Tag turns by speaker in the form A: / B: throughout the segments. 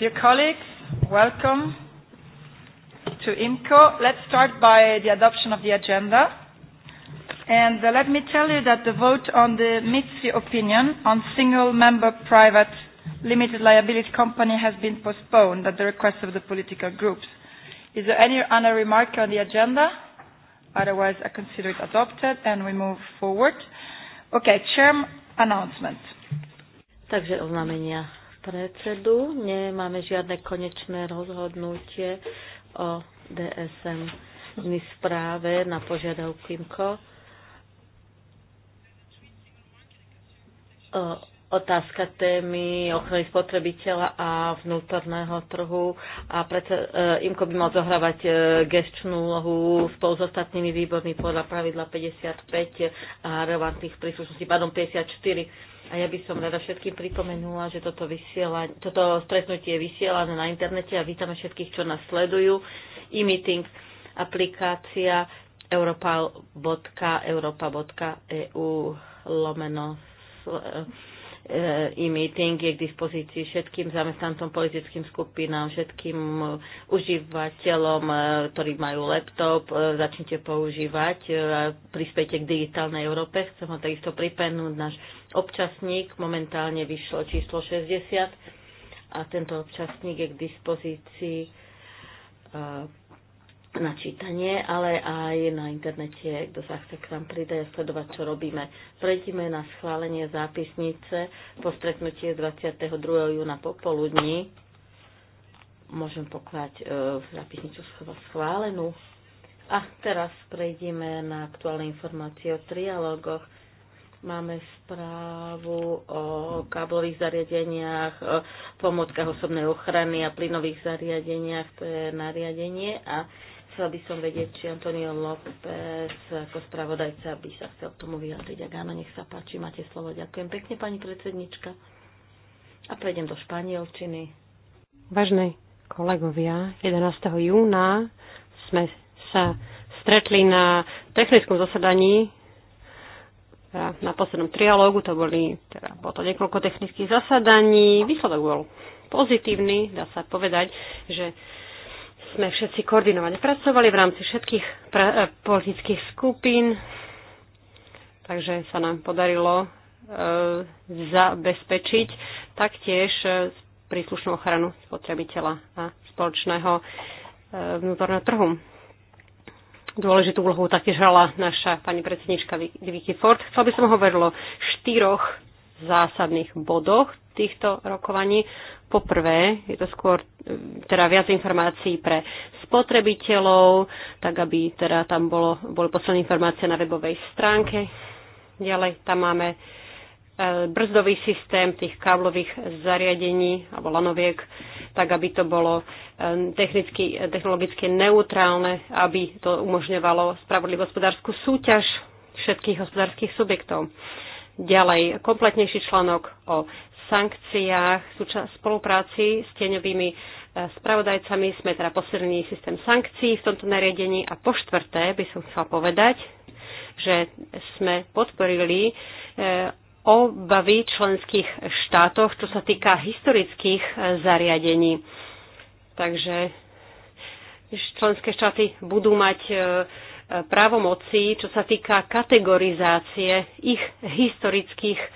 A: Dear colleagues, welcome to IMCO. Let's start by the adoption of the agenda. And uh, let me tell you that the vote on the MITSI opinion on single member private limited liability company has been postponed at the request of the political groups. Is there any other remark on the agenda? Otherwise, I consider it adopted and we move forward. Okay, chair announcement. Takže
B: oznámenia predsedu. Nemáme žiadne konečné rozhodnutie o DSM ni správe na požiadavku IMCO. Otázka témy ochrany spotrebiteľa a vnútorného trhu a preto e, Imko by mal zohrávať e, gestčnú úlohu spolu s ostatnými výbormi podľa pravidla 55 a relevantných príslušností, pádom 54 a ja by som rada všetkým pripomenula, že toto, vysiela, toto stretnutie je vysielané na internete a vítame všetkých, čo nás sledujú. E-meeting, aplikácia europal.europa.eu lomeno e-meeting je k dispozícii všetkým zamestnancom, politickým skupinám, všetkým eh, užívateľom, eh, ktorí majú laptop, eh, začnite používať a prispejte k digitálnej Európe. Chcem ho takisto pripenúť náš občasník. Momentálne vyšlo číslo 60 a tento občasník je k dispozícii na čítanie, ale aj na internete, kto sa chce k nám pridať a sledovať, čo robíme. Prejdime na schválenie zápisnice po stretnutie 22. júna popoludní. Môžem poklať e, zápisnicu schválenú. A teraz prejdeme na aktuálne informácie o trialógoch máme správu o káblových zariadeniach, o pomôckach osobnej ochrany a plynových zariadeniach, to je nariadenie a Chcel by som vedieť, či Antonio López ako spravodajca by sa chcel k tomu vyjadriť. Ak áno, nech sa páči, máte slovo. Ďakujem pekne, pani predsednička. A prejdem do španielčiny.
C: Vážne kolegovia, 11. júna sme sa stretli na technickom zasadaní teda na poslednom trialógu, to boli teda, bolo to niekoľko technických zasadaní, výsledok bol pozitívny, dá sa povedať, že sme všetci koordinovane pracovali v rámci všetkých pra- e, politických skupín, takže sa nám podarilo e, zabezpečiť taktiež e, príslušnú ochranu spotrebiteľa a spoločného e, vnútorného trhu. Dôležitú úlohu taktiež hrala naša pani predsednička Vicky Ford. Chcel by som hovoriť o štyroch zásadných bodoch týchto rokovaní. Poprvé, je to skôr e, teda viac informácií pre spotrebiteľov, tak aby teda tam bolo, boli posledné informácie na webovej stránke. Ďalej tam máme e, brzdový systém tých káblových zariadení alebo lanoviek, tak aby to bolo e, technicky, technologicky neutrálne, aby to umožňovalo spravodlivú hospodárskú súťaž všetkých hospodárskych subjektov. Ďalej, kompletnejší článok o sankciách, spolupráci s tieňovými e, spravodajcami sme teda posilnili systém sankcií v tomto nariadení a po štvrté by som chcela povedať, že sme podporili e, obavy členských štátoch, čo sa týka historických e, zariadení. Takže členské štáty budú mať právomocí, čo sa týka kategorizácie ich historických e,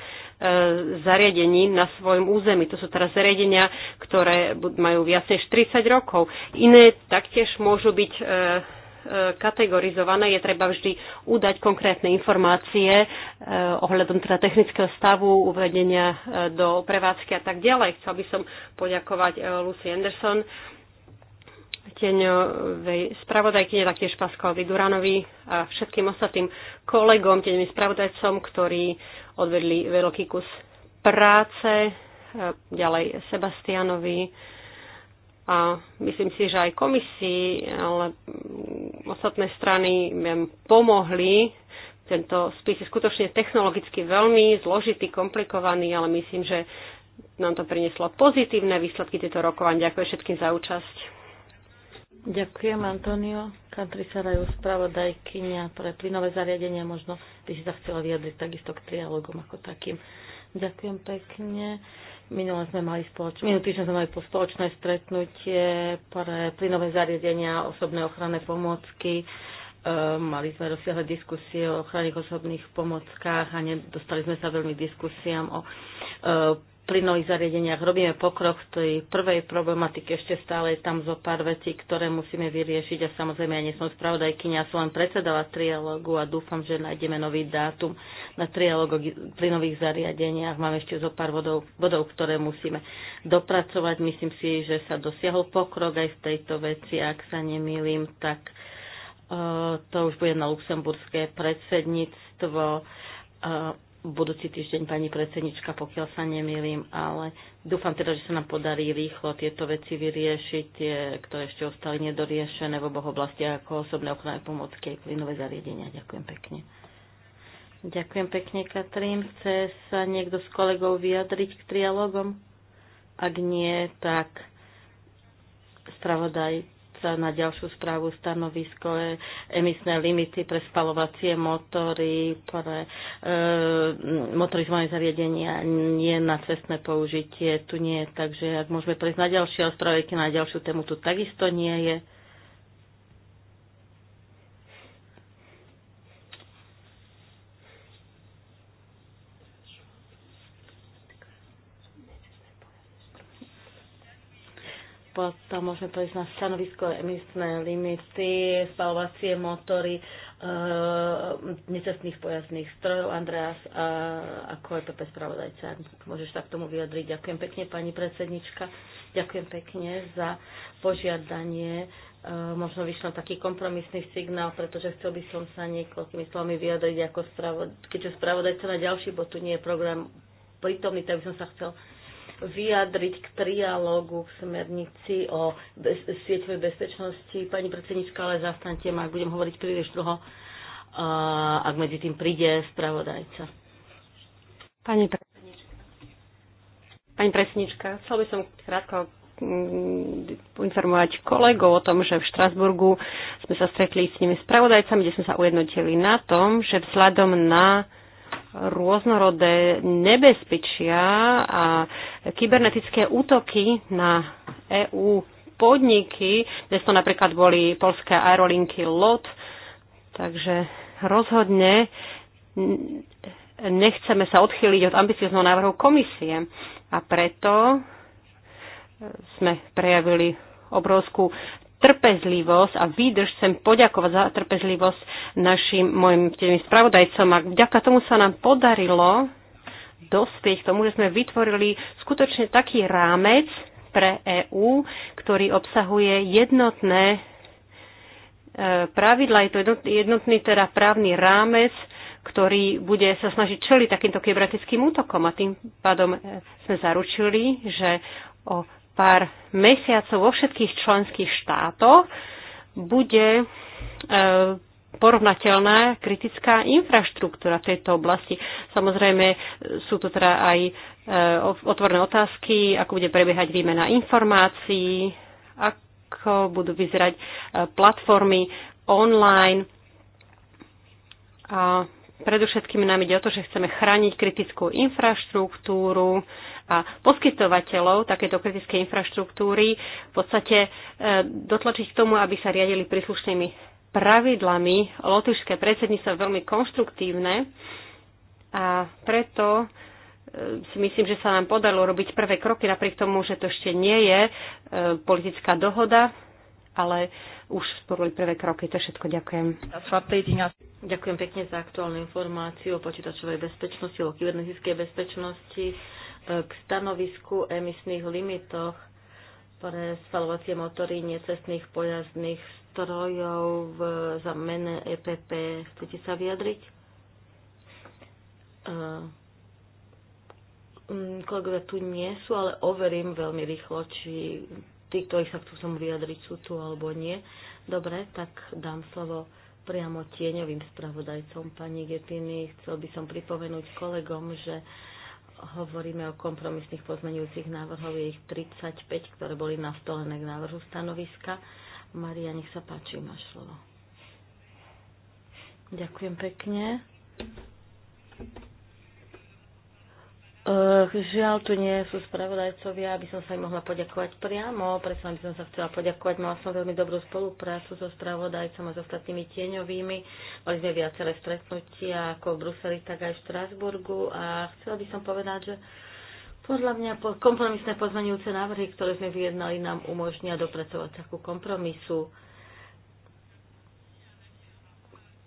C: zariadení na svojom území. To sú teraz zariadenia, ktoré majú viac než 30 rokov. Iné taktiež môžu byť e, e, kategorizované, je treba vždy udať konkrétne informácie ohľadom teda technického stavu, uvedenia do prevádzky a tak ďalej. Chcel by som poďakovať Lucy Anderson tieňovej spravodajkyne, taktiež Paskovi Duranovi a všetkým ostatným kolegom, tým spravodajcom, ktorí odvedli veľký kus práce, e, ďalej Sebastianovi a myslím si, že aj komisii, ale mm, ostatné strany im pomohli. Tento spis je skutočne technologicky veľmi zložitý, komplikovaný, ale myslím, že nám to prinieslo pozitívne výsledky tieto rokovania. Ďakujem všetkým za účasť. Ďakujem,
B: Antonio. Country Sarajú, spravodajkynia pre plynové zariadenia. Možno by si sa chcela vyjadriť takisto k trialogom ako takým. Ďakujem pekne. Minulé sme mali spoločné, minulý týždeň sme mali po spoločné stretnutie pre plynové zariadenia, osobné ochranné pomôcky. E, mali sme rozsiahle diskusie o ochranných osobných pomockách a nedostali sme sa veľmi diskusiám o e, plynových zariadeniach robíme pokrok v tej prvej problematike, ešte stále je tam zo pár vecí, ktoré musíme vyriešiť a samozrejme ja nie som spravodajkynia, som len predsedala trialógu a dúfam, že nájdeme nový dátum na trialóg o plynových zariadeniach. Máme ešte zo pár bodov, bodov, ktoré musíme dopracovať. Myslím si, že sa dosiahol pokrok aj v tejto veci, ak sa nemýlim, tak eh, to už bude na luxemburské predsedníctvo eh, budúci týždeň pani predsednička, pokiaľ sa nemýlim, ale dúfam teda, že sa nám podarí rýchlo tieto veci vyriešiť, tie, ktoré ešte ostali nedoriešené v oboch oblastiach ako osobné ochranné pomocky a plynové zariadenia. Ďakujem pekne. Ďakujem pekne, Katrín. Chce sa niekto z kolegov vyjadriť k trialogom? Ak nie, tak spravodaj sa na ďalšiu správu stanovisko je emisné limity pre spalovacie motory, pre e, motorizované zariadenia nie na cestné použitie, tu nie, takže ak môžeme prejsť na ďalšie ostrojky, na ďalšiu tému, tu takisto nie je. môžeme prejsť na stanovisko emisné limity, spalovacie motory e, necestných pojazdných strojov. Andreas, a, e, ako je PP spravodajca, môžeš tak tomu vyjadriť. Ďakujem pekne, pani predsednička. Ďakujem pekne za požiadanie. E, možno vyšlo taký kompromisný signál, pretože chcel by som sa niekoľkými slovami vyjadriť, ako spravod- keďže spravodajca na ďalší bod tu nie je program prítomný, tak by som sa chcel vyjadriť k triálogu, k smernici o bez, sieťovej bezpečnosti. Pani predsednička, ale zastante ma, ak budem hovoriť príliš dlho, ak medzi tým príde
C: spravodajca. Pani predsednička, Pani predsednička chcel by som krátko mm, informovať kolegov o tom, že v Štrasburgu sme sa stretli s nimi spravodajcami, kde sme sa ujednotili na tom, že vzhľadom na rôznorodé nebezpečia a kybernetické útoky na EÚ podniky, dnes to napríklad boli polské aerolinky LOT, takže rozhodne nechceme sa odchýliť od ambiciozného návrhu komisie a preto sme prejavili obrovskú trpezlivosť a výdrž chcem poďakovať za trpezlivosť našim mojim tým spravodajcom a vďaka tomu sa nám podarilo dospieť k tomu, že sme vytvorili skutočne taký rámec pre EÚ, ktorý obsahuje jednotné e, pravidla, je to jednotný teda právny rámec, ktorý bude sa snažiť čeliť takýmto kybratickým útokom a tým pádom e, sme zaručili, že o pár mesiacov vo všetkých členských štátoch bude e, porovnateľná kritická infraštruktúra v tejto oblasti. Samozrejme sú tu teda aj e, otvorné otázky, ako bude prebiehať výmena informácií, ako budú vyzerať e, platformy online. A Predovšetkým nám ide o to, že chceme chrániť kritickú infraštruktúru a poskytovateľov takéto kritickej infraštruktúry v podstate e, dotlačiť k tomu, aby sa riadili príslušnými pravidlami. Lotyšské predsedníctvo je veľmi konštruktívne a preto e, si myslím, že sa nám podarilo robiť prvé kroky, napriek tomu, že to ešte nie je e, politická dohoda, ale už spravili prvé kroky. To všetko ďakujem. Ďakujem pekne za aktuálnu informáciu
B: o počítačovej bezpečnosti, o kybernetickej bezpečnosti e, k stanovisku emisných limitoch pre spalovacie motory necestných pojazdných strojov v zamene EPP. Chcete sa vyjadriť? E, mm, kolegovia tu nie sú, ale overím veľmi rýchlo, či tí, ktorí sa chcú vyjadriť, sú tu alebo nie. Dobre, tak dám slovo priamo tieňovým spravodajcom pani Gepiny. Chcel by som pripomenúť kolegom, že hovoríme o kompromisných pozmenujúcich návrhov, je ich 35, ktoré boli nastolené k návrhu stanoviska. Maria, nech sa páči, máš slovo. Ďakujem pekne. Uh, žiaľ, tu nie sú spravodajcovia, aby som sa im mohla poďakovať priamo, predsa by som sa chcela poďakovať. Mala som veľmi dobrú spoluprácu so spravodajcom a s so ostatnými tieňovými. Mali sme viaceré stretnutia ako v Bruseli, tak aj v Štrásburgu a chcela by som povedať, že podľa mňa kompromisné pozmenujúce návrhy, ktoré sme vyjednali, nám umožnia dopracovať takú kompromisu.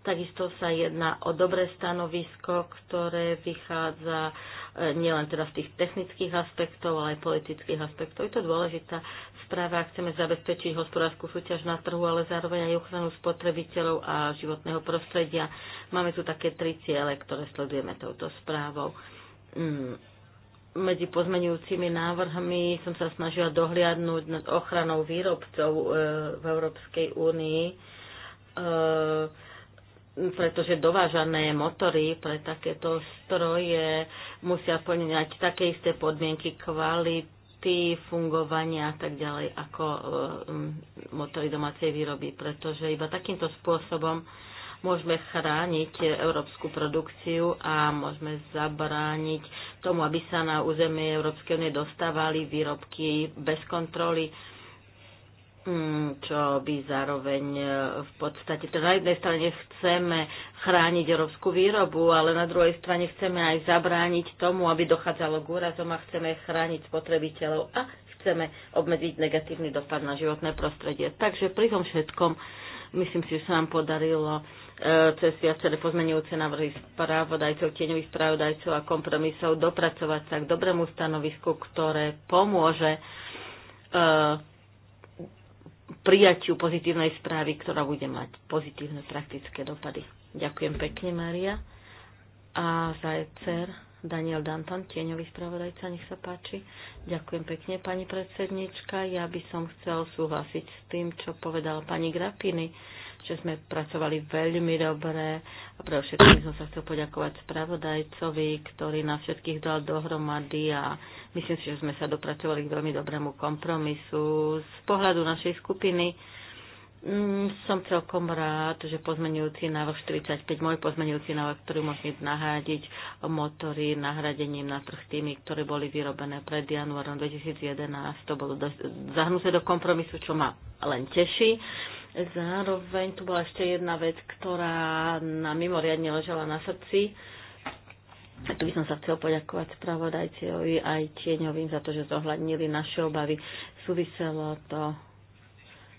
B: Takisto sa jedná o dobré stanovisko, ktoré vychádza nielen teda z tých technických aspektov, ale aj politických aspektov. Je to dôležitá správa, ak chceme zabezpečiť hospodárskú súťaž na trhu, ale zároveň aj ochranu spotrebiteľov a životného prostredia. Máme tu také tri ciele, ktoré sledujeme touto správou mm. medzi pozmenujúcimi návrhmi som sa snažila dohliadnúť nad ochranou výrobcov e, v Európskej únii. E, pretože dovážané motory pre takéto stroje musia plňať také isté podmienky kvality, fungovania a tak ďalej ako e, motory domácej výroby, pretože iba takýmto spôsobom môžeme chrániť európsku produkciu a môžeme zabrániť tomu, aby sa na územie Európskej únie dostávali výrobky bez kontroly Mm, čo by zároveň e, v podstate, teda na jednej strane chceme chrániť európsku výrobu, ale na druhej strane chceme aj zabrániť tomu, aby dochádzalo k úrazom a chceme chrániť spotrebiteľov a chceme obmedziť negatívny dopad na životné prostredie. Takže pri tom všetkom myslím si, že sa nám podarilo e, cez viaceré pozmenujúce návrhy správodajcov, tieňových správodajcov a kompromisov dopracovať sa k dobrému stanovisku, ktoré pomôže uh, prijatiu pozitívnej správy, ktorá bude mať pozitívne praktické dopady. Ďakujem pekne, Maria. A za ECR Daniel Danton, tieňový spravodajca, nech sa páči. Ďakujem pekne, pani predsednička. Ja by som chcel súhlasiť s tým, čo povedala pani Grapiny, že sme pracovali veľmi dobre a pre všetkým som sa chcel poďakovať spravodajcovi, ktorý nás všetkých dal dohromady a Myslím si, že sme sa dopracovali k veľmi dobrému kompromisu. Z pohľadu našej skupiny mm, som celkom rád, že pozmenujúci návrh 45, môj pozmenujúci návrh, ktorý umožní nahradiť motory nahradením na trh tými, ktoré boli vyrobené pred januárom 2011, to bolo zahnuté do kompromisu, čo ma len teší. Zároveň tu bola ešte jedna vec, ktorá nám mimoriadne ležala na srdci tu by som sa chcel poďakovať spravodajcovi aj tieňovým za to, že zohľadnili naše obavy. Súviselo to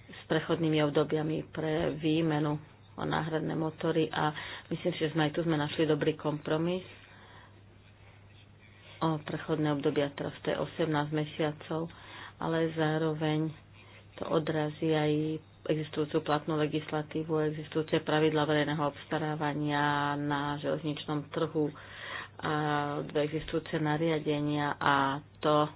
B: s prechodnými obdobiami pre výmenu o náhradné motory a myslím, že sme aj tu sme našli dobrý kompromis o prechodné obdobia, teraz to je 18 mesiacov, ale zároveň to odrazí aj existujúcu platnú legislatívu, existujúce pravidla verejného obstarávania na železničnom trhu, a dve existujúce nariadenia a to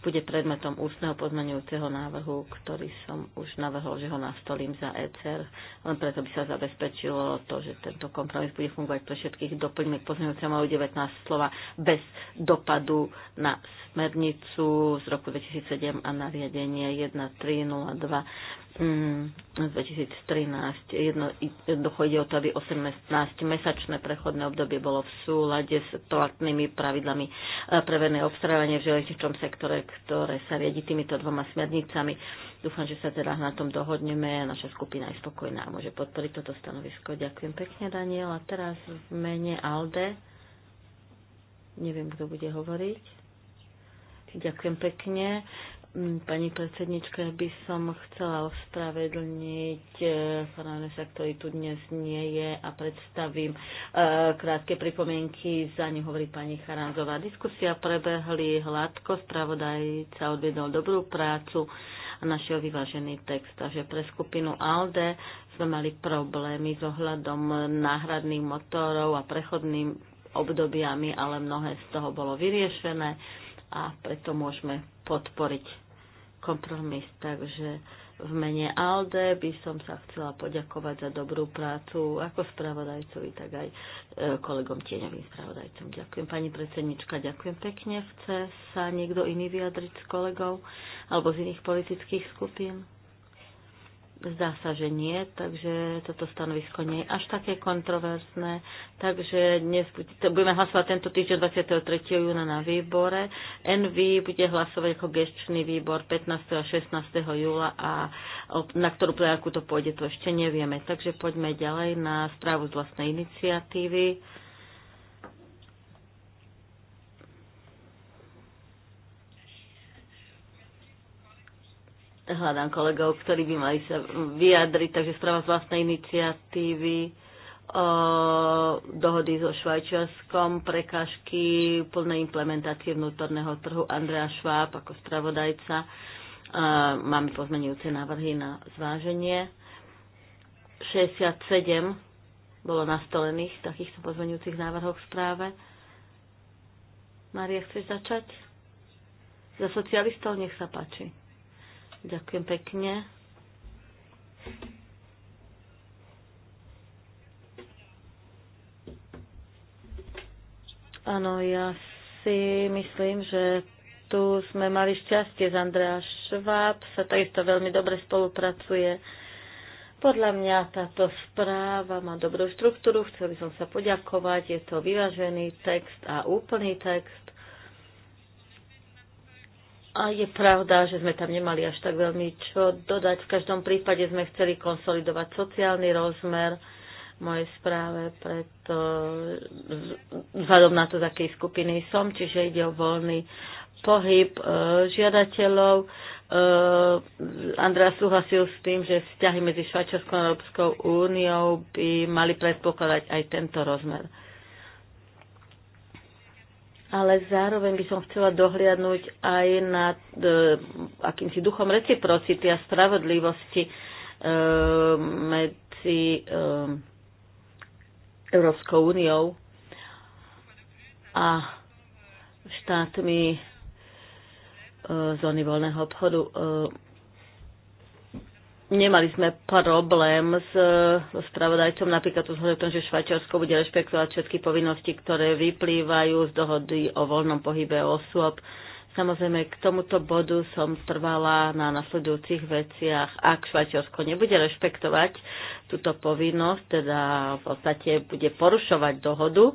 B: bude predmetom ústneho pozmeňujúceho návrhu, ktorý som už navrhol, že ho nastolím za ECR, len preto by sa zabezpečilo to, že tento kompromis bude fungovať pre všetkých. Doplňme k majú 19 slova bez dopadu na smernicu z roku 2007 a nariadenie 1302 2013 mm, jedno, dochodí o to, aby 18-mesačné prechodné obdobie bolo v súlade s platnými pravidlami e, pre verné obstarávanie v železničnom sektore, ktoré sa riadi týmito dvoma smernicami. Dúfam, že sa teda na tom dohodneme. Naša skupina je spokojná a môže podporiť toto stanovisko. Ďakujem pekne, Daniel. A teraz v mene ALDE. Neviem, kto bude hovoriť. Ďakujem pekne. Mm, pani predsednička, by som chcela ospravedlniť Faranesa, e, ktorý tu dnes nie je a predstavím e, krátke pripomienky. Za ňu hovorí pani Charanzová. Diskusia prebehli hladko, spravodajca odvedol dobrú prácu a našiel vyvážený text. Takže pre skupinu ALDE sme mali problémy s ohľadom náhradných motorov a prechodným obdobiami, ale mnohé z toho bolo vyriešené a preto môžeme podporiť kompromis. Takže v mene ALDE by som sa chcela poďakovať za dobrú prácu ako spravodajcovi, tak aj e, kolegom tieňovým spravodajcom. Ďakujem pani predsednička, ďakujem pekne. Chce sa niekto iný vyjadriť s kolegov alebo z iných politických skupín? Zdá sa, že nie, takže toto stanovisko nie je až také kontroverzné. Takže dnes budeme hlasovať tento týždeň 23. júna na výbore. NV bude hlasovať ako gestčný výbor 15. a 16. júla a na ktorú plenárku to pôjde, to ešte nevieme. Takže poďme ďalej na správu z vlastnej iniciatívy. hľadám kolegov, ktorí by mali sa vyjadriť, takže správa z vlastnej iniciatívy, o dohody so Švajčiarskom, prekážky plnej implementácie vnútorného trhu Andrea Šváb ako spravodajca. Máme pozmenujúce návrhy na zváženie. 67 bolo nastolených v takýchto pozmenujúcich návrhoch v správe. Maria, chceš začať? Za socialistov nech sa páči. Ďakujem pekne. Áno, ja si myslím, že tu sme mali šťastie z Andrea Šváb, sa takisto veľmi dobre spolupracuje. Podľa mňa táto správa má dobrú štruktúru, chcel by som sa poďakovať, je to vyvážený text a úplný text a je pravda, že sme tam nemali až tak veľmi čo dodať. V každom prípade sme chceli konsolidovať sociálny rozmer mojej správe, preto vzhľadom na to, z akej skupiny som, čiže ide o voľný pohyb e, žiadateľov. E, Andrea súhlasil s tým, že vzťahy medzi Švajčiarskou a Európskou úniou by mali predpokladať aj tento rozmer. E, ale zároveň by som chcela dohliadnúť aj nad e, akýmsi duchom reciprocity a spravodlivosti e, medzi e, Európskou úniou a štátmi e, zóny voľného obchodu. E, nemali sme problém s e, spravodajcom napríklad vzhľadom, že Švajčiarsko bude rešpektovať všetky povinnosti, ktoré vyplývajú z dohody o voľnom pohybe osôb. Samozrejme, k tomuto bodu som trvala na nasledujúcich veciach. Ak Švajčiarsko nebude rešpektovať túto povinnosť, teda v podstate bude porušovať dohodu,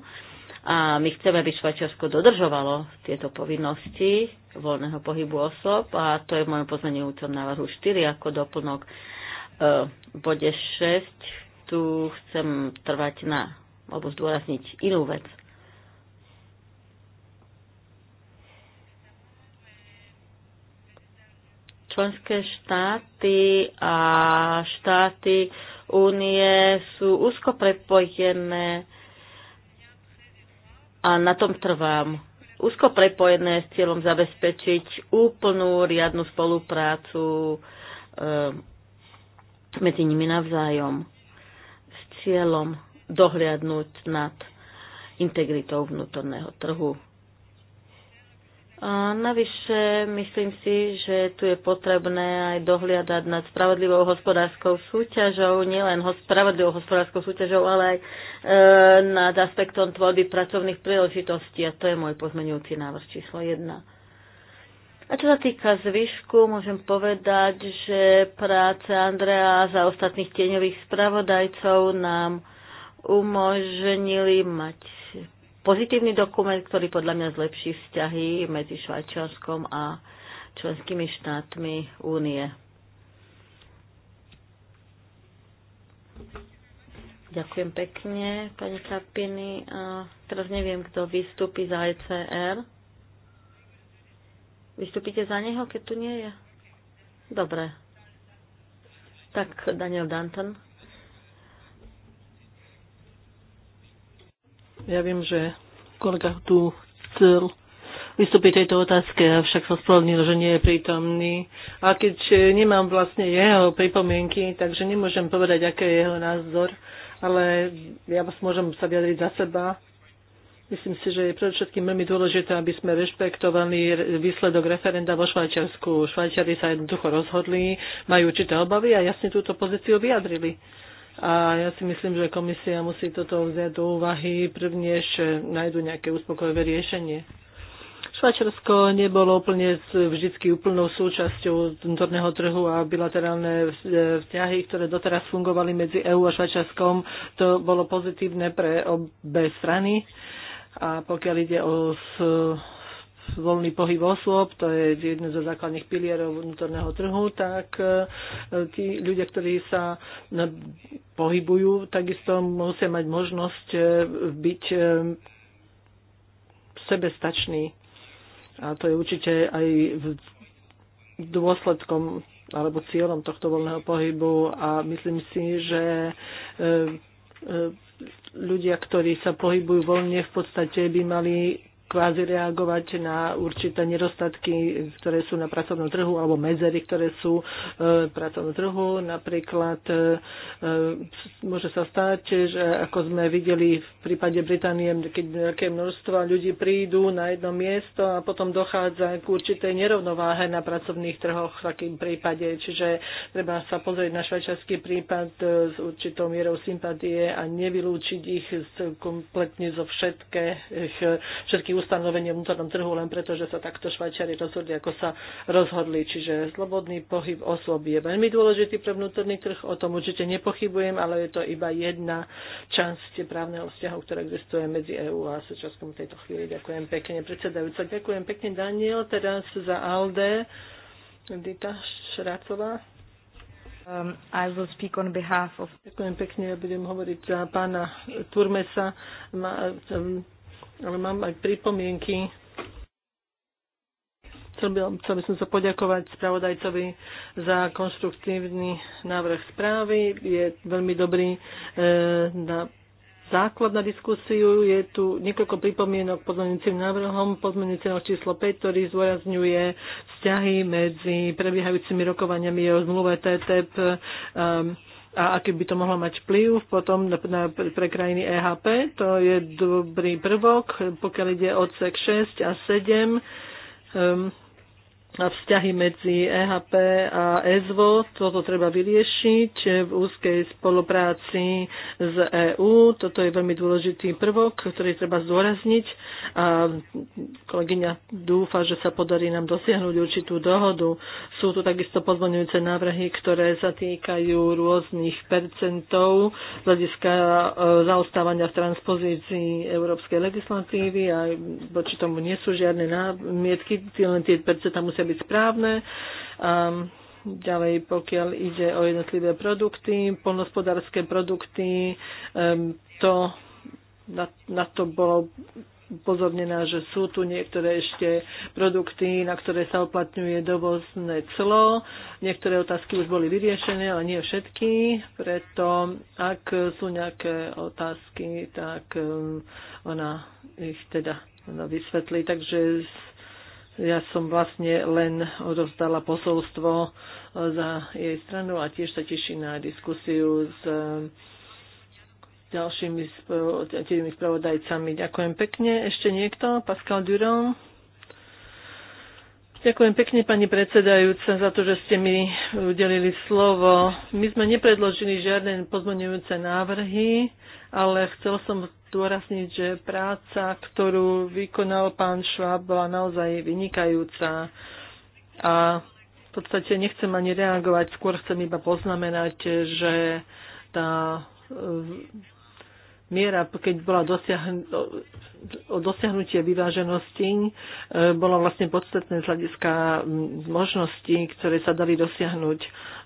B: a my chceme, aby Švajčiarsko dodržovalo tieto povinnosti, voľného pohybu osob a to je v mojom pozmenujúcom návrhu 4 ako doplnok. E, v bode 6 tu chcem trvať na, alebo zdôrazniť inú vec. Členské štáty a štáty únie sú úzko prepojené a na tom trvám úzko prepojené s cieľom zabezpečiť úplnú riadnu spoluprácu eh, medzi nimi navzájom s cieľom dohliadnúť nad integritou vnútorného trhu a navyše myslím si, že tu je potrebné aj dohliadať nad spravodlivou hospodárskou súťažou, nielen spravodlivou hospodárskou súťažou, ale aj e, nad aspektom tvorby pracovných príležitostí. A to je môj pozmenujúci návrh číslo 1. A čo sa týka zvyšku, môžem povedať, že práca Andrea za ostatných tieňových spravodajcov nám umožnili mať pozitívny dokument, ktorý podľa mňa zlepší vzťahy medzi Švajčiarskom a členskými štátmi únie. Ďakujem pekne, pani Kapiny. A teraz neviem, kto vystúpi za ECR. Vystúpite za neho, keď tu nie je? Dobre. Tak Daniel Danton.
A: Ja viem, že kolega tu chcel vystúpiť tejto otázke, avšak sa spolnil, že nie je prítomný. A keď nemám vlastne jeho pripomienky, takže nemôžem povedať, aké je jeho názor, ale ja vás môžem sa vyjadriť za seba. Myslím si, že je predovšetkým veľmi dôležité, aby sme rešpektovali výsledok referenda vo Švajčiarsku. Švajčiari sa jednoducho rozhodli, majú určité obavy a jasne túto pozíciu vyjadrili. A ja si myslím, že komisia musí toto vziať do úvahy, že nájdu nejaké uspokojivé riešenie. Švajčiarsko nebolo úplne vždycky úplnou súčasťou vnútorného trhu a bilaterálne e, vzťahy, ktoré doteraz fungovali medzi EÚ a Švajčiarskom, to bolo pozitívne pre obe strany. A pokiaľ ide o voľný pohyb osôb, to je jeden zo základných pilierov vnútorného trhu, tak e, tí ľudia, ktorí sa e, pohybujú, takisto musia mať možnosť e, byť sebestačný. A to je určite aj dôsledkom alebo cieľom tohto voľného pohybu a myslím si, že ľudia, ktorí sa pohybujú voľne, v podstate by mali kvázi reagovať na určité nedostatky, ktoré sú na pracovnom trhu, alebo medzery, ktoré sú e, v pracovnom trhu. Napríklad e, e, môže sa stať, že ako sme videli v prípade Británie, keď nejaké množstva ľudí prídu na jedno miesto a potom dochádza k určitej nerovnováhe na pracovných trhoch v takým prípade. Čiže treba sa pozrieť na švajčiarsky prípad s určitou mierou sympatie a nevylúčiť ich kompletne zo všetkých, všetkých ustanovenie v vnútornom trhu len preto, že sa takto Švajčari rozhodli, ako sa rozhodli. Čiže slobodný pohyb osôb je veľmi dôležitý pre vnútorný trh, o tom určite nepochybujem, ale je to iba jedna časť právneho vzťahu, ktorá existuje medzi EÚ a súčaskom tejto chvíli. Ďakujem pekne, predsedajúca. Ďakujem pekne, Daniel, teraz za ALDE. Dita Šracová. Um, I will speak on behalf of... Ďakujem pekne, ja budem hovoriť za pána Turmesa. Ma, um, ale mám aj pripomienky. Chcel by, chcel by som sa poďakovať spravodajcovi za konštruktívny návrh správy. Je veľmi dobrý e, na základ na diskusiu. Je tu niekoľko pripomienok podmenujúcim návrhom, podmenujúci číslo 5, ktorý zdôrazňuje vzťahy medzi prebiehajúcimi rokovaniami o zmluve TTIP. E, a aký by to mohlo mať vplyv potom na, na, pre krajiny EHP. To je dobrý prvok, pokiaľ ide odsek 6 a 7. Um, a vzťahy medzi EHP a ESVO. Toto treba vyriešiť v úzkej spolupráci s EÚ. Toto je veľmi dôležitý prvok, ktorý treba zdôrazniť. A kolegyňa dúfa, že sa podarí nám dosiahnuť určitú dohodu. Sú tu takisto pozvoňujúce návrhy, ktoré sa týkajú rôznych percentov z hľadiska e, zaostávania v transpozícii európskej legislatívy a voči tomu nie sú žiadne námietky, len tie percentá musia byť správne. Um, ďalej, pokiaľ ide o jednotlivé produkty, polnospodárske produkty, um, to, na, na to bolo pozornená, že sú tu niektoré ešte produkty, na ktoré sa uplatňuje dovozné clo. Niektoré otázky už boli vyriešené, ale nie všetky. Preto ak sú nejaké otázky, tak ehm, ona ich teda ona vysvetlí. Takže ja som vlastne len odovzdala posolstvo e, za jej stranu a tiež sa teší na diskusiu s e, ďalšími spravo, spravodajcami. Ďakujem pekne. Ešte niekto? Pascal Durand? Ďakujem pekne, pani predsedajúca, za to, že ste mi udelili slovo. My sme nepredložili žiadne pozmenujúce návrhy, ale chcel som zdôrazniť, že práca, ktorú vykonal pán Šváb, bola naozaj vynikajúca. A v podstate nechcem ani reagovať, skôr chcem iba poznamenať, že tá miera, keď bola dosiahn- o dosiahnutie vyváženosti, e, bolo vlastne podstatné z hľadiska možností, ktoré sa dali dosiahnuť.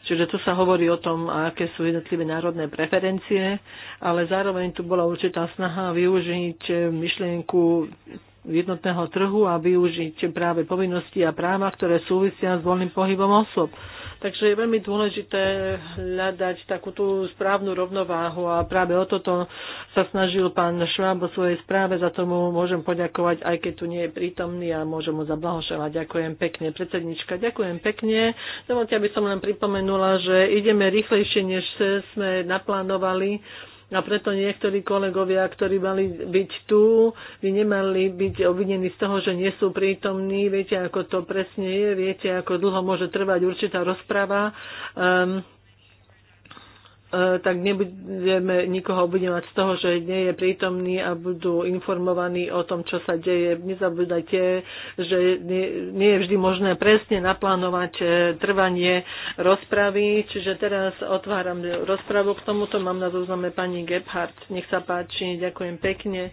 A: Čiže tu sa hovorí o tom, aké sú jednotlivé národné preferencie, ale zároveň tu bola určitá snaha využiť e, myšlienku jednotného trhu a využiť práve povinnosti a práva, ktoré súvisia s voľným pohybom osôb. Takže je veľmi dôležité hľadať takú tú správnu rovnováhu a práve o toto sa snažil pán Šváb o svojej správe, za tomu môžem poďakovať, aj keď tu nie je prítomný a môžem mu zablahošovať. Ďakujem pekne, predsednička, ďakujem pekne. Dovolte, aby som len pripomenula, že ideme rýchlejšie, než sme naplánovali a preto niektorí kolegovia, ktorí mali byť tu, by nemali byť obvinení z toho, že nie sú prítomní. Viete, ako to presne je, viete, ako dlho môže trvať určitá rozprava. Um, E, tak nebudeme nikoho obvinovať z toho, že nie je prítomný a budú informovaní o tom, čo sa deje. Nezabúdajte, že nie, nie je vždy možné presne naplánovať e, trvanie rozpravy, čiže teraz otváram rozpravu k tomuto. Mám na zozname pani Gebhardt. Nech sa páči, ďakujem pekne.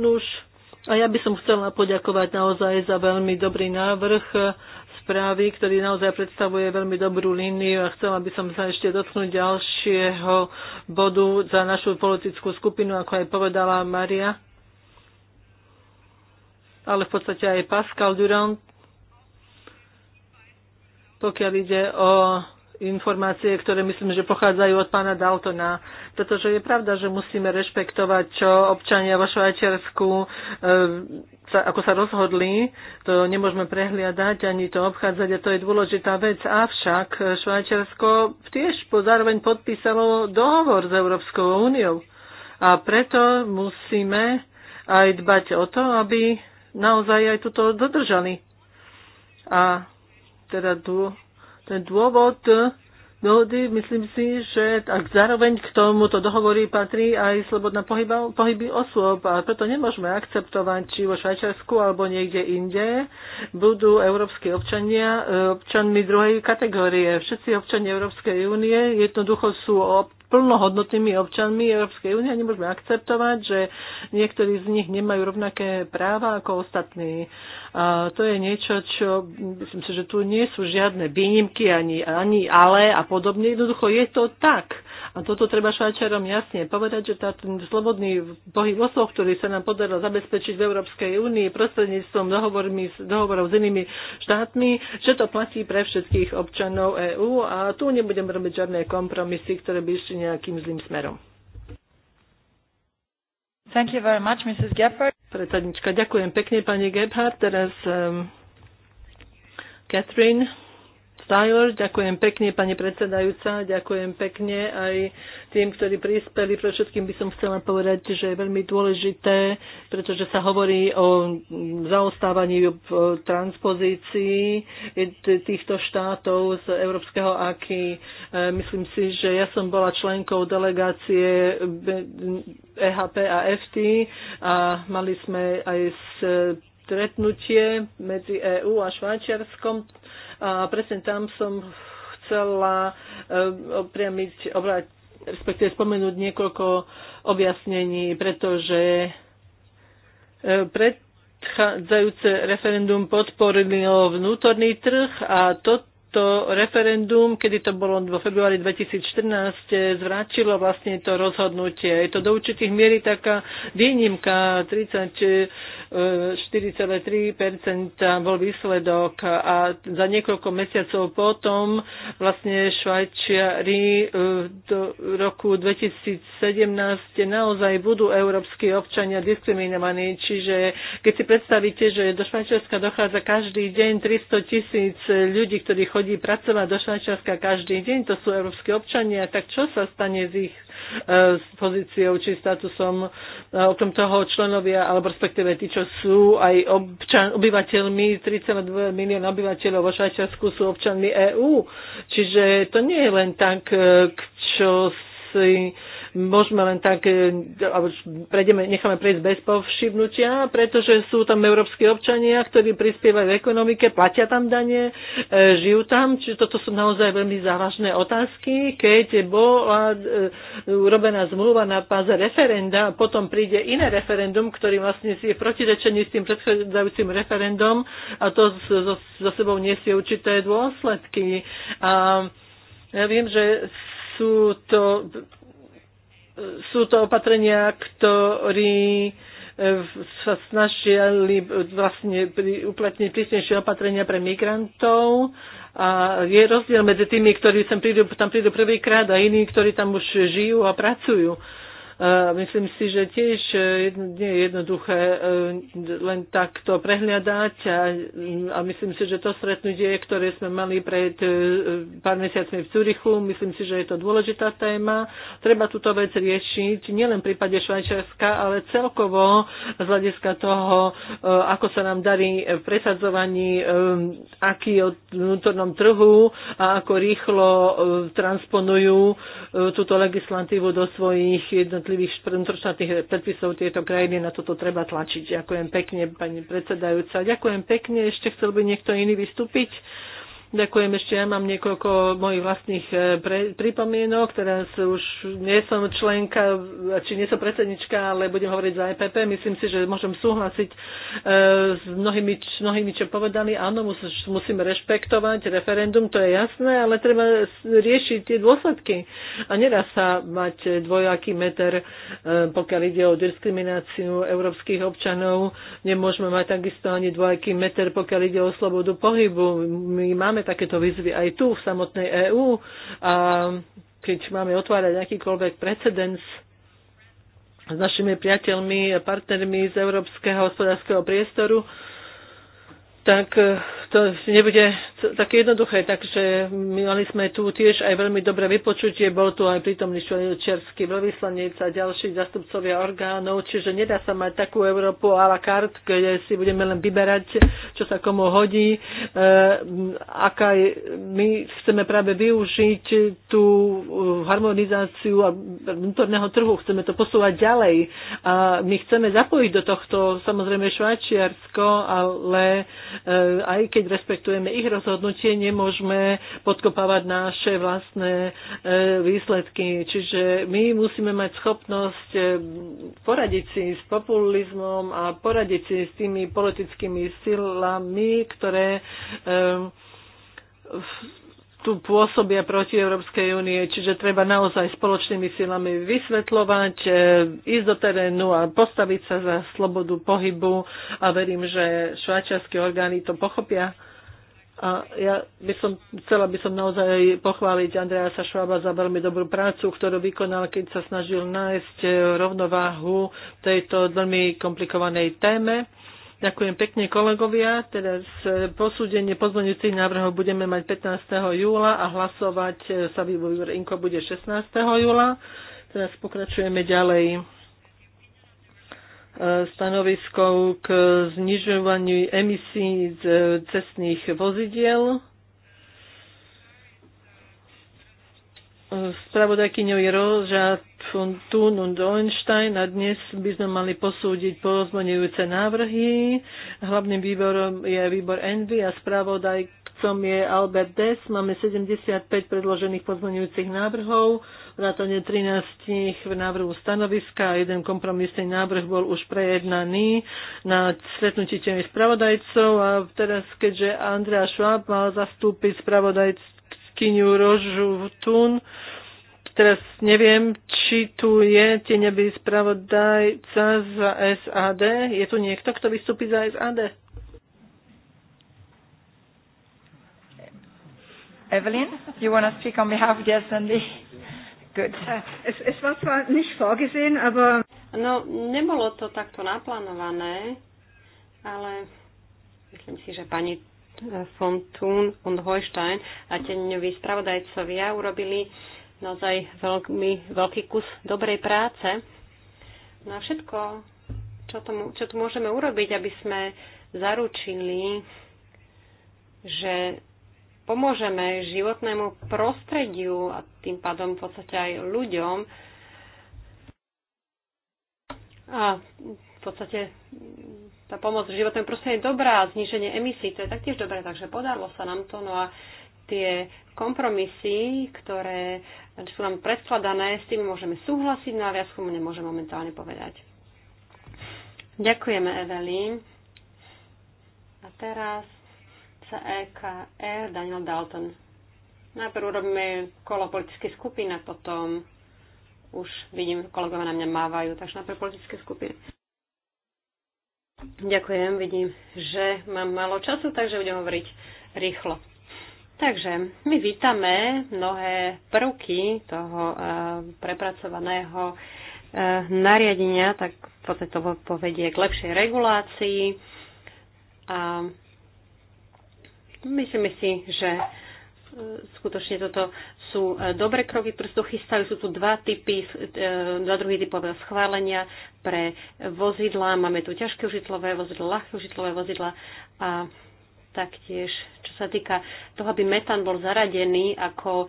A: Nuž, a ja by som chcela poďakovať naozaj za veľmi dobrý návrh správy, ktorý naozaj predstavuje veľmi dobrú líniu a chcela by som sa ešte dotknúť ďalšieho bodu za našu politickú skupinu, ako aj povedala Maria. Ale v podstate aj Pascal Durand, pokiaľ ide o informácie, ktoré myslím, že pochádzajú od pána Daltona. Pretože je pravda, že musíme rešpektovať, čo občania vo Švajčiarsku e, sa, ako sa rozhodli. To nemôžeme prehliadať ani to obchádzať a to je dôležitá vec. Avšak Švajčiarsko tiež zároveň podpísalo dohovor s Európskou úniou. A preto musíme aj dbať o to, aby naozaj aj toto dodržali. A teda tu ten dôvod dohody, myslím si, že tak zároveň k tomuto dohovorí patrí aj slobodná pohyba, pohyby osôb a preto nemôžeme akceptovať, či vo Švajčiarsku alebo niekde inde budú európsky občania e, občanmi druhej kategórie. Všetci občania Európskej únie jednoducho sú ob plnohodnotnými občanmi Európskej únie a nemôžeme akceptovať, že niektorí z nich nemajú rovnaké práva ako ostatní. A to je niečo, čo myslím si, že tu nie sú žiadne výnimky ani, ani ale a podobne. Jednoducho je to tak. A toto treba Švajčarom jasne povedať, že tá slobodný pohyb osôb, ktorý sa nám podarilo zabezpečiť v Európskej únii prostredníctvom dohovorov s inými štátmi, že to platí pre všetkých občanov EÚ a tu nebudem robiť žiadne kompromisy, ktoré by išli nejakým zlým smerom. Thank you very much, Mrs. Gephardt. Predsednička, ďakujem pekne, pani Gebhardt. Teraz um, Catherine. Styler. Ďakujem pekne, pani predsedajúca. Ďakujem pekne aj tým, ktorí prispeli. Pre všetkým by som chcela povedať, že je veľmi dôležité, pretože sa hovorí o zaostávaní v transpozícii týchto štátov z európskeho AKI. E, myslím si, že ja som bola členkou delegácie EHP a FT a mali sme aj s stretnutie medzi EÚ a Švajčiarskom a presne tam som chcela eh, opriamiť, obrať, respektíve spomenúť niekoľko objasnení, pretože eh, predchádzajúce referendum podporilo vnútorný trh a toto to referendum, kedy to bolo vo februári 2014, eh, zvráčilo vlastne to rozhodnutie. Je to do určitých miery taká výnimka, 34,3% eh, bol výsledok a za niekoľko mesiacov potom vlastne Švajčiari eh, do roku 2017 naozaj budú európsky občania diskriminovaní. Čiže keď si predstavíte, že do Švajčiarska dochádza každý deň 300 tisíc ľudí, ktorí chodí chodí pracovať do Švajčiarska každý deň, to sú európske občania, tak čo sa stane z ich e, s pozíciou či statusom e, okrem toho členovia, alebo respektíve tí, čo sú aj občan, obyvateľmi, 32 milión obyvateľov vo Švajčiarsku sú občanmi EÚ. Čiže to nie je len tak, e, čo si môžeme len tak, e, alebo prejdeme, necháme prejsť bez povšimnutia, pretože sú tam európsky občania, ktorí prispievajú v ekonomike, platia tam dane, e, žijú tam. Čiže toto sú naozaj veľmi závažné otázky. Keď bola e, urobená zmluva na páze referenda, potom príde iné referendum, ktorý vlastne si je protirečený s tým predchádzajúcim referendum a to za so sebou nesie určité dôsledky. A ja viem, že sú to sú to opatrenia, ktorí e, sa snažili e, vlastne uplatniť prísnejšie opatrenia pre migrantov a je rozdiel medzi tými, ktorí sem prídu, tam prídu prvýkrát a iní, ktorí tam už žijú a pracujú. Myslím si, že tiež e, nie je jednoduché e, len takto prehľadať a, a myslím si, že to stretnutie, ktoré sme mali pred e, pár mesiacmi v Cúrichu, myslím si, že je to dôležitá téma. Treba túto vec riešiť nielen v prípade Švajčiarska, ale celkovo z hľadiska toho, ako sa nám darí v presadzovaní aký je vnútornom trhu a ako rýchlo transponujú túto legislatívu do svojich jednotlivých jednotlivých vnútroštátnych predpisov tieto krajiny. Na toto treba tlačiť. Ďakujem pekne, pani predsedajúca. Ďakujem pekne. Ešte chcel by niekto iný vystúpiť? Ďakujem ešte, ja mám niekoľko mojich vlastných e, pre, pripomienok. Teraz už nie som členka, či nie som predsednička, ale budem hovoriť za EPP. Myslím si, že môžem súhlasiť e, s mnohými, mnohými, čo povedali. Áno, mus, musíme rešpektovať referendum, to je jasné, ale treba riešiť tie dôsledky. A nedá sa mať dvojaký meter, e, pokiaľ ide o diskrimináciu európskych občanov. Nemôžeme mať takisto ani dvojaký meter, pokiaľ ide o slobodu pohybu. My máme takéto výzvy aj tu v samotnej EÚ a keď máme otvárať akýkoľvek precedens s našimi priateľmi a partnermi z Európskeho hospodárskeho priestoru, tak eh, to nebude také jednoduché. Takže my mali sme tu tiež aj veľmi dobré vypočutie, bol tu aj prítomný čerský veľvyslanec a ďalší zastupcovia orgánov, čiže nedá sa mať takú Európu a la carte, kde si budeme len vyberať, čo sa komu hodí. E, aká je, my chceme práve využiť tú eh, harmonizáciu a vnútorného trhu, chceme to posúvať ďalej a my chceme zapojiť do tohto samozrejme Švajčiarsko, ale E, aj keď respektujeme ich rozhodnutie, nemôžeme podkopávať naše vlastné e, výsledky. Čiže my musíme mať schopnosť e, poradiť si s populizmom a poradiť si s tými politickými silami, ktoré tu pôsobia proti Európskej únie, čiže treba naozaj spoločnými silami vysvetľovať, e, ísť do terénu a postaviť sa za slobodu pohybu a verím, že švajčiarske orgány to pochopia. A ja by som, chcela by som naozaj pochváliť Andreasa Švába za veľmi dobrú prácu, ktorú vykonal, keď sa snažil nájsť e, rovnováhu tejto veľmi komplikovanej téme. Ďakujem pekne kolegovia. Teraz e, posúdenie pozvoňujúcich návrhov budeme mať 15. júla a hlasovať e, sa výbor Inko bude 16. júla. Teraz pokračujeme ďalej e, stanoviskou k znižovaniu emisí z cestných vozidiel. Spravodajkyňou je Roža von Thun und Einstein a dnes by sme mali posúdiť pozmenujúce návrhy. Hlavným výborom je výbor Envy a spravodajcom je Albert Des. Máme 75 predložených pozmenujúcich návrhov, vrátane 13 v návrhu stanoviska a jeden kompromisný návrh bol už prejednaný na stretnutí tými spravodajcov a teraz, keďže Andrea Schwab mal zastúpiť spravodajcov spravodajkyňu Rožu v Tún. Teraz neviem, či tu je tieňavý spravodajca za SAD. Je tu niekto, kto vystúpi za SAD? Evelyn, you want to speak on behalf of the SND? Good. Es,
C: es war zwar nicht
A: vorgesehen, aber...
C: No, nebolo to takto naplánované, ale myslím si, že pani von Thun und Holstein a teňoví spravodajcovia urobili naozaj veľmi veľký kus dobrej práce. No a všetko, čo, tomu, čo tu môžeme urobiť, aby sme zaručili, že pomôžeme životnému prostrediu a tým pádom v podstate aj ľuďom. A podstate mm, tá pomoc v životnom prostredí je dobrá, zníženie emisí, to je taktiež dobré, takže podarilo sa nám to. No a tie kompromisy, ktoré sú nám predkladané, s tými môžeme súhlasiť, no a viac komu nemôžem momentálne povedať. Ďakujeme, Evelyn. A teraz CEKR Daniel Dalton. Najprv urobíme kolo politické skupiny a potom už vidím, kolegovia na mňa mávajú, takže najprv politické skupiny. Ďakujem, vidím, že mám málo času, takže budem hovoriť rýchlo. Takže my vítame mnohé prvky toho eh, prepracovaného eh, nariadenia, tak poté to povedie k lepšej regulácii a myslíme si, že eh, skutočne toto sú e, dobre kroky, ktoré chystajú. Sú tu dva typy, e, dva druhy typového schválenia pre vozidla. Máme tu ťažké užitlové vozidla, ľahké užitlové vozidla a taktiež, čo sa týka toho, aby metán bol zaradený ako e,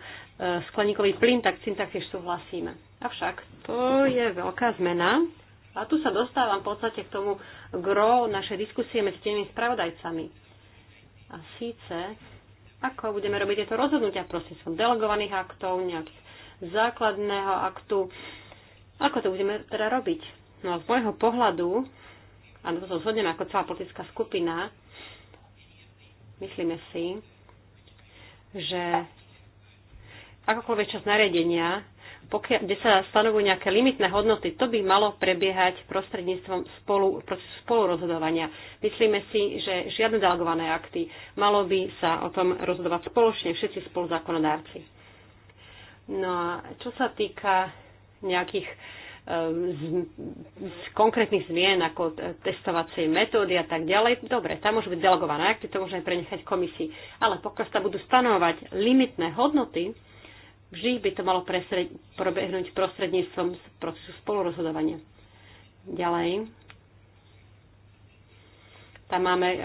C: skleníkový plyn, tak s tým taktiež súhlasíme. Avšak to je veľká zmena a tu sa dostávam v podstate k tomu gro našej diskusie medzi tými spravodajcami. A síce ako budeme robiť tieto rozhodnutia som delegovaných aktov, nejakých základného aktu? Ako to budeme teda robiť? No a z môjho pohľadu, a na to sa zhodneme ako celá politická skupina, myslíme si, že akokoľvek čas naredenia pokiaľ, kde sa stanovujú nejaké limitné hodnoty, to by malo prebiehať prostredníctvom spolu, spolurozhodovania. Myslíme si, že žiadne delegované akty. Malo by sa o tom rozhodovať spoločne všetci spoluzákonodárci. No a čo sa týka nejakých ehm, z, z konkrétnych zmien ako testovacie metódy a tak ďalej. Dobre, tam môžu byť delegované akty, to môžeme prenechať komisii. Ale pokiaľ sa budú stanovať limitné hodnoty, Vždy by to malo presred, prebehnúť prostredníctvom procesu spolurozhodovania. Ďalej. Tam máme e,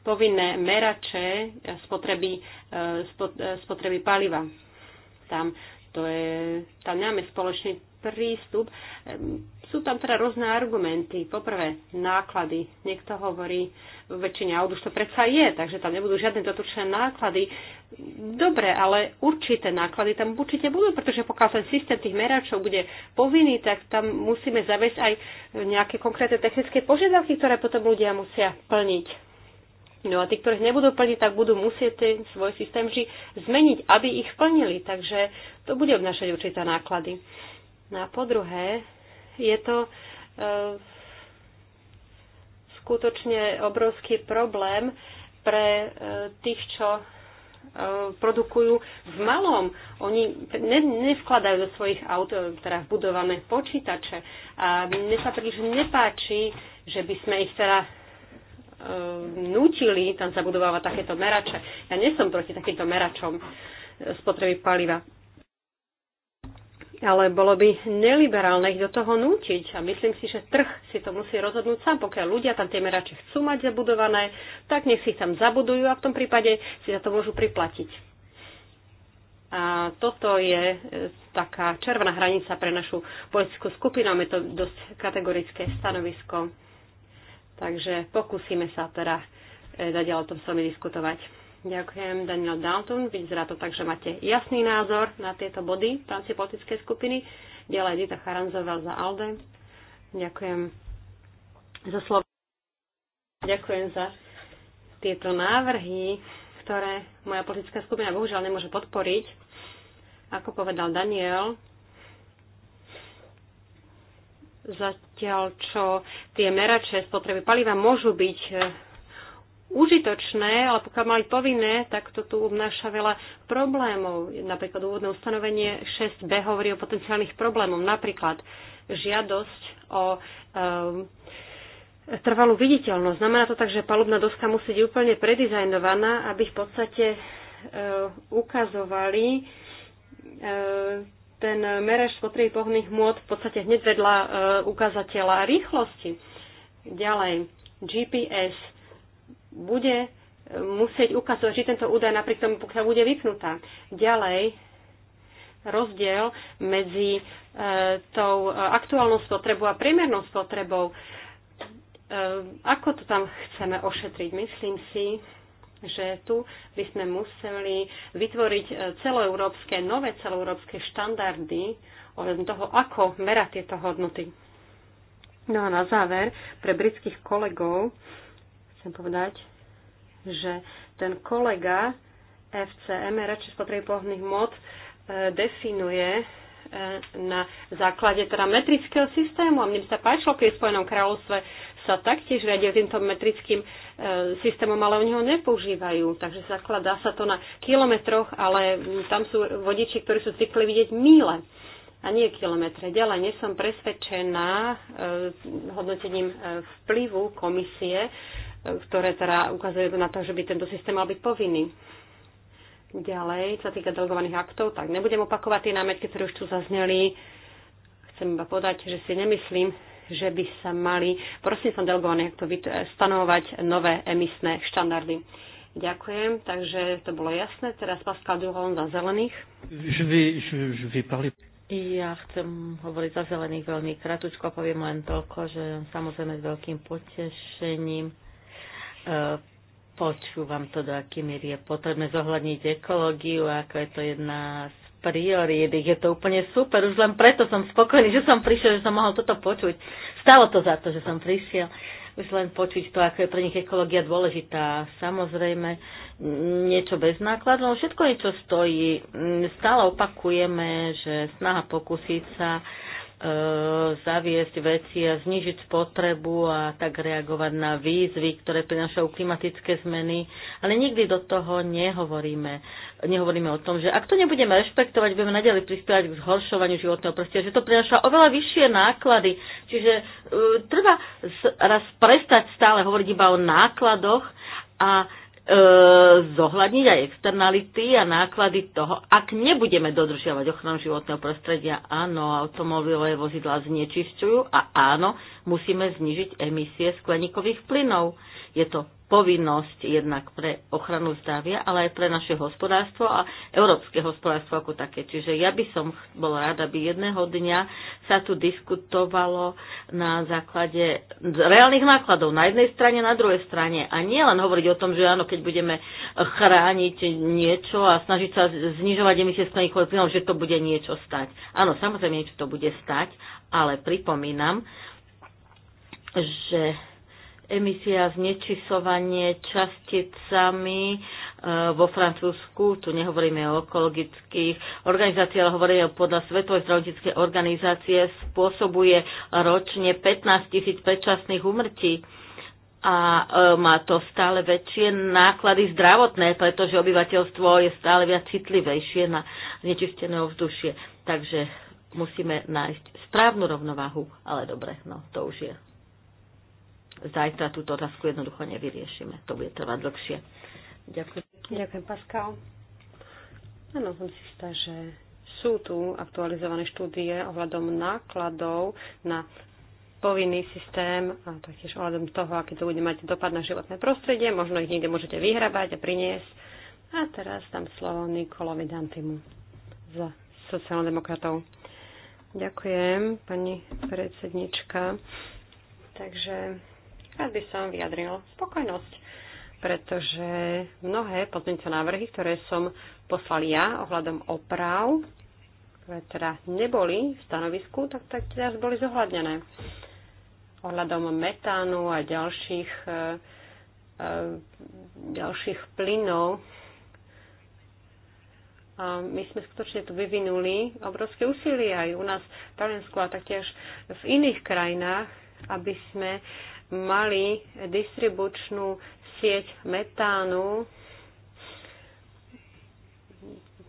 C: povinné merače e, spotreby, e, spotreby paliva. Tam, to je, tam nemáme spoločný prístup. Ehm, sú tam teda rôzne argumenty. Poprvé, náklady. Niekto hovorí, väčšine aut už to predsa je, takže tam nebudú žiadne dotočné náklady. Dobre, ale určité náklady tam určite budú, pretože pokiaľ ten systém tých meračov bude povinný, tak tam musíme zavesť aj nejaké konkrétne technické požiadavky, ktoré potom ľudia musia plniť. No a tí, ktorých nebudú plniť, tak budú musieť ten svoj systém zmeniť, aby ich plnili. Takže to bude obnášať určité náklady. No a po druhé, je to e, skutočne obrovský problém pre e, tých, čo e, produkujú v malom. Oni ne, nevkladajú do svojich aut e, teda budované počítače. A mne sa príliš nepáči, že by sme ich teda, e, nutili tam zabudovávať takéto merače. Ja nesom proti takýmto meračom e, spotreby paliva ale bolo by neliberálne ich do toho nútiť. A myslím si, že trh si to musí rozhodnúť sám. Pokiaľ ľudia tam tie merače chcú mať zabudované, tak nech si ich tam zabudujú a v tom prípade si za to môžu priplatiť. A toto je e, taká červená hranica pre našu politickú skupinu. Máme to dosť kategorické stanovisko. Takže pokúsime sa teda dať e, o tom s vami diskutovať. Ďakujem, Daniel Dalton. Vyzerá to tak, že máte jasný názor na tieto body v rámci politickej skupiny. Ďalej Dita Charanzová za ALDE. Ďakujem za slovo. Ďakujem za tieto návrhy, ktoré moja politická skupina bohužiaľ nemôže podporiť. Ako povedal Daniel, zatiaľ čo tie merače spotreby paliva môžu byť užitočné, ale pokiaľ mali povinné, tak to tu obnáša veľa problémov. Napríklad úvodné ustanovenie 6b hovorí o potenciálnych problémoch. Napríklad žiadosť o um, trvalú viditeľnosť. Znamená to tak, že palubná doska musí byť úplne predizajnovaná, aby v podstate uh, ukazovali uh, ten merež spotreby pohných môd v podstate hneď vedľa uh, ukazateľa rýchlosti. Ďalej, GPS bude e, musieť ukazovať, že tento údaj napriek tomu, pokiaľ bude vypnutá. Ďalej, rozdiel medzi e, tou e, aktuálnou spotrebou a priemernou spotrebou. E, ako to tam chceme ošetriť? Myslím si, že tu by sme museli vytvoriť e, celoeurópske, nové celoeurópske štandardy ohľadom toho, ako merať tieto hodnoty. No a na záver, pre britských kolegov, chcem povedať, že ten kolega FCM, rečisto pohodných mod, e, definuje e, na základe teda metrického systému. A mne by sa páčilo, keď v Spojenom kráľovstve sa taktiež radia týmto metrickým e, systémom, ale oni ho nepoužívajú. Takže zakladá sa to na kilometroch, ale tam sú vodiči, ktorí sú zvykli vidieť míle a nie kilometre. Ďalej nie som presvedčená e, hodnotením e, vplyvu komisie ktoré teda ukazujú na to, že by tento systém mal byť povinný. Ďalej, sa týka delegovaných aktov, tak nebudem opakovať tie námetky, ktoré už tu zazneli. Chcem iba podať, že si nemyslím, že by sa mali Prosím som delegovaných aktov stanovovať nové emisné štandardy. Ďakujem, takže to bolo jasné. Teraz Pascal Duron za zelených.
A: Je vy, je,
C: Ja chcem hovoriť
B: za zelených veľmi kratučko, poviem len toľko, že samozrejme s veľkým potešením počúvam to, do aký miery je potrebné zohľadniť ekológiu, ako je to jedna z priorít. Je to úplne super, už len preto som spokojný, že som prišiel, že som mohol toto počuť. Stalo to za to, že som prišiel. Už len počuť to, ako je pre nich ekológia dôležitá. Samozrejme, niečo bez nákladov, všetko niečo stojí. Stále opakujeme, že snaha pokúsiť sa uh, E, zaviesť veci a znižiť spotrebu a tak reagovať na výzvy, ktoré prinášajú klimatické zmeny. Ale nikdy do toho nehovoríme. Nehovoríme o tom, že ak to nebudeme rešpektovať, budeme nadalej prispievať k zhoršovaniu životného prostredia, že to prináša oveľa vyššie náklady. Čiže uh, treba raz prestať stále hovoriť iba o nákladoch a E, zohľadniť aj externality a náklady toho, ak nebudeme dodržiavať ochranu životného prostredia. Áno, automobilové vozidlá znečisťujú a áno, musíme znižiť emisie skleníkových plynov. Je to povinnosť jednak pre ochranu zdravia, ale aj pre naše hospodárstvo a európske hospodárstvo ako také. Čiže ja by som bola rada, aby jedného dňa sa tu diskutovalo na základe reálnych nákladov na jednej strane, na druhej strane. A nie len hovoriť o tom, že áno, keď budeme chrániť niečo a snažiť sa znižovať emisie skleníkových plynov, že to bude niečo stať. Áno, samozrejme niečo to bude stať, ale pripomínam, že emisia znečisovanie časticami e, vo Francúzsku, tu nehovoríme o ekologických organizáciách, ale hovoríme podľa Svetovej zdravotníckej organizácie, spôsobuje ročne 15 tisíc predčasných umrtí a e, má to stále väčšie náklady zdravotné, pretože obyvateľstvo je stále viac citlivejšie na znečistené ovzdušie. Takže musíme nájsť správnu rovnováhu, ale dobre, no to už je zajtra túto otázku
C: jednoducho nevyriešime. To bude trvať dlhšie. Ďakujem. Ďakujem, Paskal. Áno, som si istá, že sú tu aktualizované štúdie ohľadom nákladov na povinný systém a taktiež ohľadom toho, aký to bude mať dopad na životné prostredie. Možno ich niekde môžete vyhrabať a priniesť. A teraz tam slovo Nikolovi Dantimu za sociálnodemokratov. Ďakujem, pani predsednička. Takže Rád by som vyjadril spokojnosť, pretože mnohé pozmeňujúce návrhy, ktoré som poslal ja ohľadom oprav, ktoré teda neboli v stanovisku, tak, tak teraz boli zohľadnené. Ohľadom metánu a ďalších, e, e, ďalších plynov, a my sme skutočne tu vyvinuli obrovské úsilie aj u nás v Taliansku a taktiež v iných krajinách, aby sme mali distribučnú sieť metánu,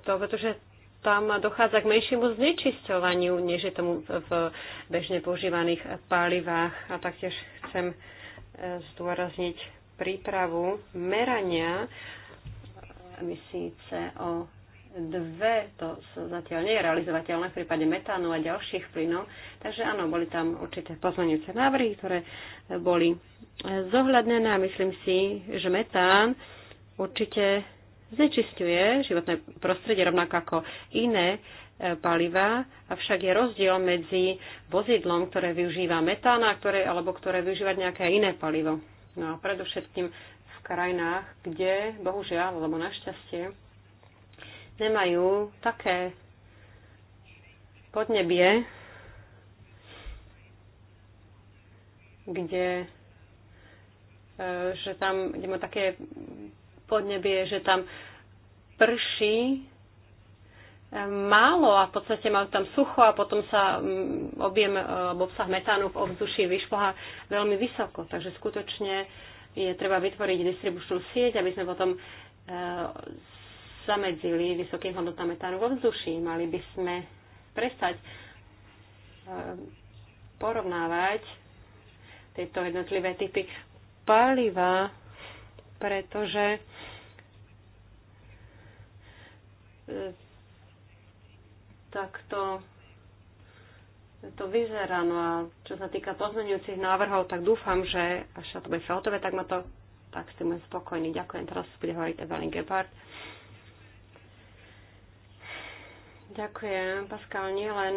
C: to, pretože tam dochádza k menšiemu znečisťovaniu, než je tomu v bežne používaných palivách. A taktiež chcem e, zdôrazniť prípravu merania emisí CO2 dve, to zatiaľ nie je realizovateľné v prípade metánu a ďalších plynov. Takže áno, boli tam určité pozmeňujúce návrhy, ktoré boli zohľadnené a myslím si, že metán určite znečisťuje životné prostredie rovnako ako iné e, paliva, avšak je rozdiel medzi vozidlom, ktoré využíva metán a ktoré, alebo ktoré využíva nejaké iné palivo. No a predovšetkým v krajinách, kde, bohužiaľ, alebo našťastie, nemajú také podnebie, kde e, že tam, kde má také podnebie, že tam prší e, málo a v podstate má tam sucho a potom sa objem e, alebo obsah metánu v ovzduši vyšplhá veľmi vysoko. Takže skutočne je treba vytvoriť distribučnú sieť, aby sme potom zamedzili vysokým hodnotám metánu vo vzduchu. Mali by sme prestať
A: ehm,
C: porovnávať tieto jednotlivé typy paliva, pretože ehm, takto to vyzerá. No a čo sa týka pozmeňujúcich návrhov, tak dúfam, že až sa to bude hotové, tak ma to tak s tým spokojný. Ďakujem. Teraz bude hovoriť Evelyn Gebhardt. Ďakujem, Pascal, nie len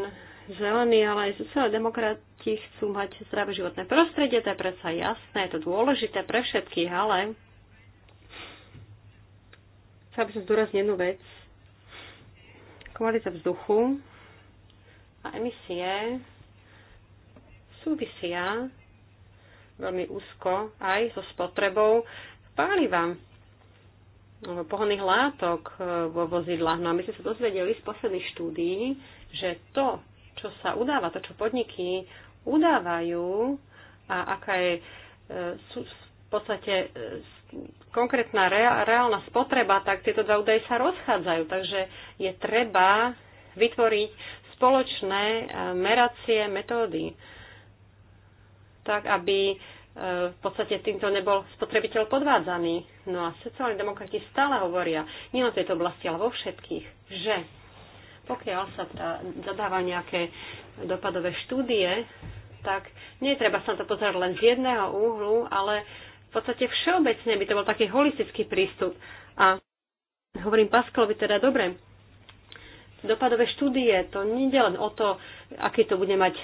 C: zelení, ale aj sociálne demokrati chcú mať zdravé životné prostredie, to je predsa jasné, je to dôležité pre všetkých, ale chcel by som zdôrazniť jednu vec. Kvalita vzduchu a emisie súvisia veľmi úzko aj so spotrebou paliva pohonných látok e, vo vozidlách. No a my sme sa dozvedeli z posledných štúdií, že to, čo sa udáva, to, čo podniky udávajú a aká je e, sú v podstate e, konkrétna reálna spotreba, tak tieto dva údaje sa rozchádzajú. Takže je treba vytvoriť spoločné meracie metódy, tak aby v podstate týmto nebol spotrebiteľ podvádzaný. No a sociálni demokrati stále hovoria, nie o tejto oblasti, ale vo všetkých, že pokiaľ sa zadáva nejaké dopadové štúdie, tak nie treba sa to pozerať len z jedného úhlu, ale v podstate všeobecne by to bol taký holistický prístup. A hovorím Paskalovi teda dobre, dopadové štúdie, to nie je len o to, aký to bude mať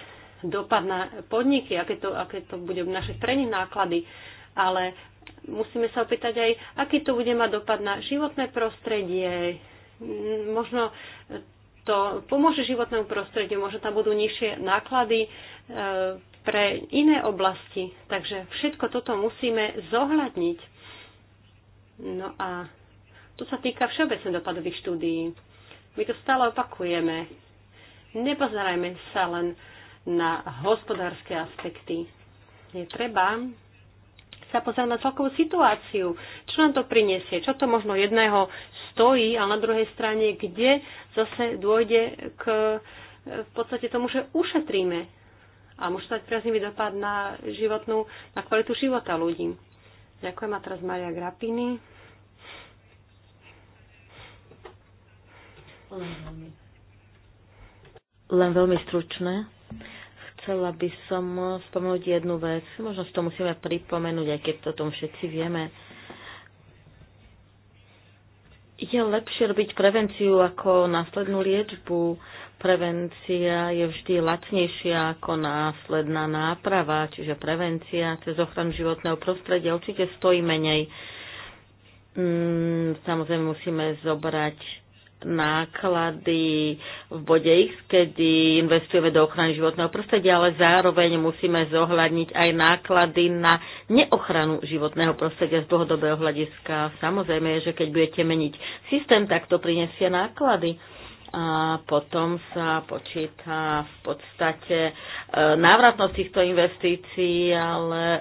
C: dopad na podniky, aké to, aké to bude naše strany náklady, ale musíme sa opýtať aj, aký to bude mať dopad na životné prostredie. Možno to pomôže životnému prostrediu, možno tam budú nižšie náklady e, pre iné oblasti. Takže všetko toto musíme zohľadniť. No a to sa týka všeobecne dopadových štúdií. My to stále opakujeme. Nepozerajme sa len na hospodárske aspekty. Je treba sa pozrieť na celkovú situáciu. Čo nám to prinesie? Čo to možno jedného stojí, ale na druhej strane, kde zase dôjde k v podstate tomu, že ušetríme a môže stať priaznivý dopad na životnú, na kvalitu života ľudí. Ďakujem a teraz Maria Grapini.
B: Len veľmi stručné chcela by som spomenúť jednu vec. Možno si to musíme pripomenúť, aj keď to tom všetci vieme. Je lepšie robiť prevenciu ako následnú liečbu. Prevencia je vždy lacnejšia ako následná náprava, čiže prevencia cez ochranu životného prostredia určite stojí menej. Mm, samozrejme musíme zobrať náklady v bode X, kedy investujeme do ochrany životného prostredia, ale zároveň musíme zohľadniť aj náklady na neochranu životného prostredia z dlhodobého hľadiska. Samozrejme, že keď budete meniť systém, tak to prinesie náklady. A potom sa počíta v podstate e, návratnosť týchto investícií, ale e,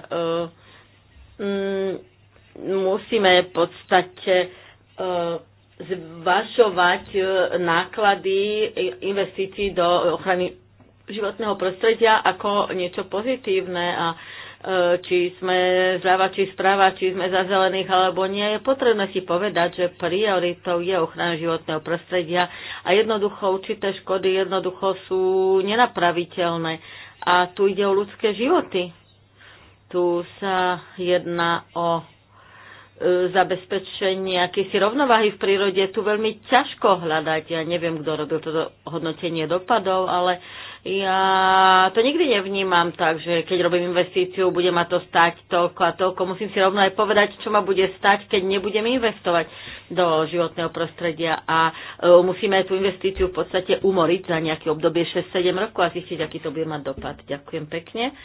B: mm, musíme v podstate e, zvažovať e, náklady investícií do ochrany životného prostredia ako niečo pozitívne a e, či sme zľava, či správa, či sme za zelených alebo nie. Je potrebné si povedať, že prioritou je ochrana životného prostredia a jednoducho určité škody jednoducho sú nenapraviteľné. A tu ide o ľudské životy. Tu sa jedná o E, zabezpečenie akýsi rovnováhy v prírode je tu veľmi ťažko hľadať. Ja neviem, kto robil toto hodnotenie dopadov, ale ja to nikdy nevnímam tak, že keď robím investíciu, bude ma to stať toľko a toľko. Musím si rovno aj povedať, čo ma bude stať, keď nebudem investovať do životného prostredia a uh, musíme tú investíciu v podstate umoriť za nejaké obdobie 6-7 rokov a zistiť, aký to bude mať dopad. Ďakujem pekne.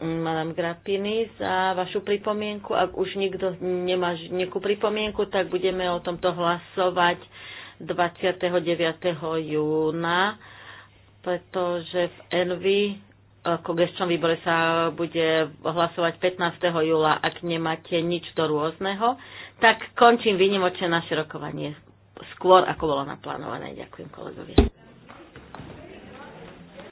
B: Madame Grappini, za vašu pripomienku. Ak už nikto nemá nejakú pripomienku, tak budeme o tomto hlasovať 29. júna, pretože v Envy eh, ako gestčnom výbore sa bude hlasovať 15. júla, ak nemáte nič do rôzneho. Tak končím výnimočne naše rokovanie skôr, ako bolo naplánované. Ďakujem kolegovia.